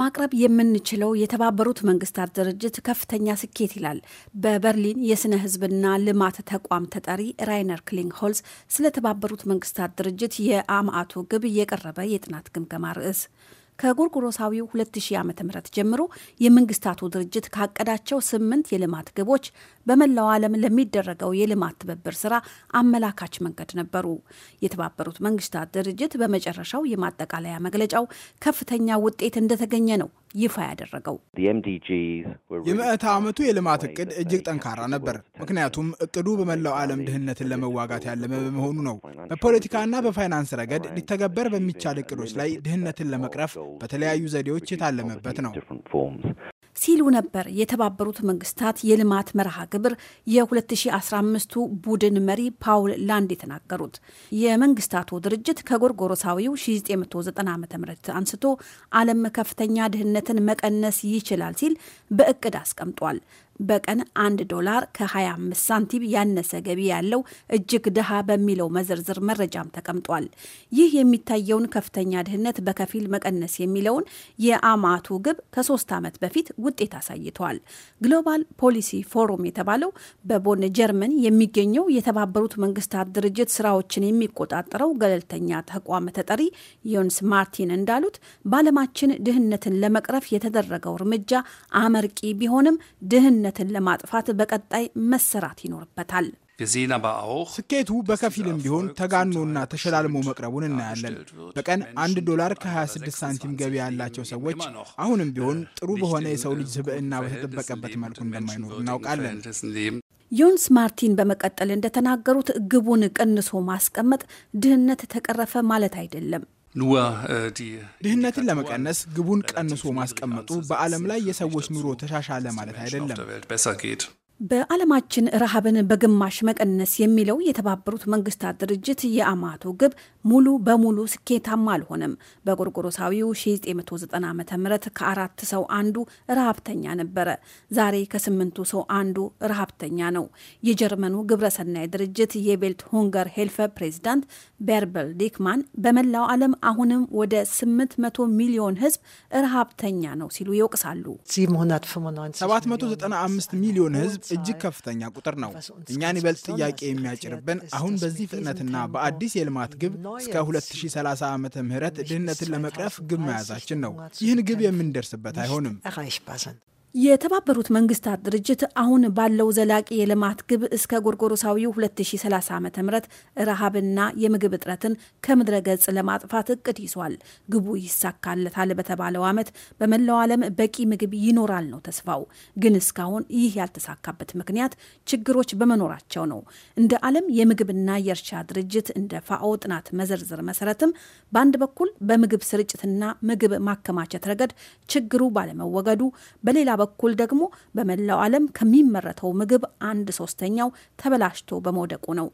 ማቅረብ የምንችለው የተባበሩት መንግስታት ድርጅት ከፍተኛ ስኬት ይላል በበርሊን የስነ ህዝብና ልማት ተቋም ተጠሪ ራይነር ሆልስ ስለተባበሩት መንግስታት ድርጅት የአምአቶ ግብ የቀረበ የጥናት ግምገማ ርዕስ። ከጎርጎሮሳዊው 2000 ዓ.ም ጀምሮ የመንግስታቱ ድርጅት ካቀዳቸው ስምንት የልማት ግቦች በመላው ዓለም ለሚደረገው የልማት ትብብር ስራ አመላካች መንገድ ነበሩ። የተባበሩት መንግስታት ድርጅት በመጨረሻው የማጠቃለያ መግለጫው ከፍተኛ ውጤት እንደተገኘ ነው ይፋ ያደረገው። የምዕተ ዓመቱ የልማት እቅድ እጅግ ጠንካራ ነበር። ምክንያቱም እቅዱ በመላው ዓለም ድህነትን ለመዋጋት ያለመ በመሆኑ ነው። በፖለቲካና በፋይናንስ ረገድ ሊተገበር በሚቻል እቅዶች ላይ ድህነትን ለመቅረፍ በተለያዩ ዘዴዎች የታለመበት ነው። ሲሉ ነበር የተባበሩት መንግስታት የልማት መርሃ ግብር የ2015ቱ ቡድን መሪ ፓውል ላንድ የተናገሩት። የመንግስታቱ ድርጅት ከጎርጎሮሳዊው 1990 ዓ ም አንስቶ ዓለም ከፍተኛ ድህነትን መቀነስ ይችላል ሲል በእቅድ አስቀምጧል። በቀን 1 ዶላር ከ25 ሳንቲም ያነሰ ገቢ ያለው እጅግ ድሃ በሚለው መዘርዝር መረጃም ተቀምጧል። ይህ የሚታየውን ከፍተኛ ድህነት በከፊል መቀነስ የሚለውን የአማቱ ግብ ከሶስት ዓመት በፊት ውጤት አሳይቷል። ግሎባል ፖሊሲ ፎሩም የተባለው በቦን ጀርመን የሚገኘው የተባበሩት መንግስታት ድርጅት ስራዎችን የሚቆጣጠረው ገለልተኛ ተቋም ተጠሪ ዮንስ ማርቲን እንዳሉት በዓለማችን ድህነትን ለመቅረፍ የተደረገው እርምጃ አመርቂ ቢሆንም ድህነ ድህነትን ለማጥፋት በቀጣይ መሰራት ይኖርበታል። ስኬቱ በከፊልም ቢሆን ተጋኖና ተሸላልሞ መቅረቡን እናያለን። በቀን አንድ ዶላር ከ26 ሳንቲም ገቢ ያላቸው ሰዎች አሁንም ቢሆን ጥሩ በሆነ የሰው ልጅ ስብዕና በተጠበቀበት መልኩ እንደማይኖሩ እናውቃለን። ዮንስ ማርቲን በመቀጠል እንደተናገሩት ግቡን ቀንሶ ማስቀመጥ ድህነት ተቀረፈ ማለት አይደለም። ድህነትን ለመቀነስ ግቡን ቀንሶ ማስቀመጡ በዓለም ላይ የሰዎች ኑሮ ተሻሻለ ማለት አይደለም። በዓለማችን ረሃብን በግማሽ መቀነስ የሚለው የተባበሩት መንግስታት ድርጅት የአማቶ ግብ ሙሉ በሙሉ ስኬታማ አልሆነም። በጎርጎሮሳዊው 1990 ዓ ም ከአራት ሰው አንዱ ረሃብተኛ ነበረ። ዛሬ ከስምንቱ ሰው አንዱ ረሃብተኛ ነው። የጀርመኑ ግብረሰናይ ድርጅት የቤልት ሁንገር ሄልፈ ፕሬዚዳንት ቤርበል ዲክማን በመላው ዓለም አሁንም ወደ 800 ሚሊዮን ህዝብ ረሃብተኛ ነው ሲሉ ይወቅሳሉ። 795 ሚሊዮን ህዝብ እጅግ ከፍተኛ ቁጥር ነው። እኛን ይበልጥ ጥያቄ የሚያጭርብን አሁን በዚህ ፍጥነትና በአዲስ የልማት ግብ እስከ 2030 ዓመተ ምህረት ድህነትን ለመቅረፍ ግብ መያዛችን ነው። ይህን ግብ የምንደርስበት አይሆንም። የተባበሩት መንግስታት ድርጅት አሁን ባለው ዘላቂ የልማት ግብ እስከ ጎርጎሮሳዊ 2030 ዓ ም ረሃብና የምግብ እጥረትን ከምድረ ገጽ ለማጥፋት እቅድ ይዟል። ግቡ ይሳካለታል በተባለው ዓመት በመላው ዓለም በቂ ምግብ ይኖራል ነው ተስፋው። ግን እስካሁን ይህ ያልተሳካበት ምክንያት ችግሮች በመኖራቸው ነው። እንደ ዓለም የምግብና የእርሻ ድርጅት እንደ ፋኦ ጥናት መዘርዝር መሰረትም በአንድ በኩል በምግብ ስርጭትና ምግብ ማከማቸት ረገድ ችግሩ ባለመወገዱ በሌላ በኩል ደግሞ በመላው ዓለም ከሚመረተው ምግብ አንድ ሶስተኛው ተበላሽቶ በመውደቁ ነው።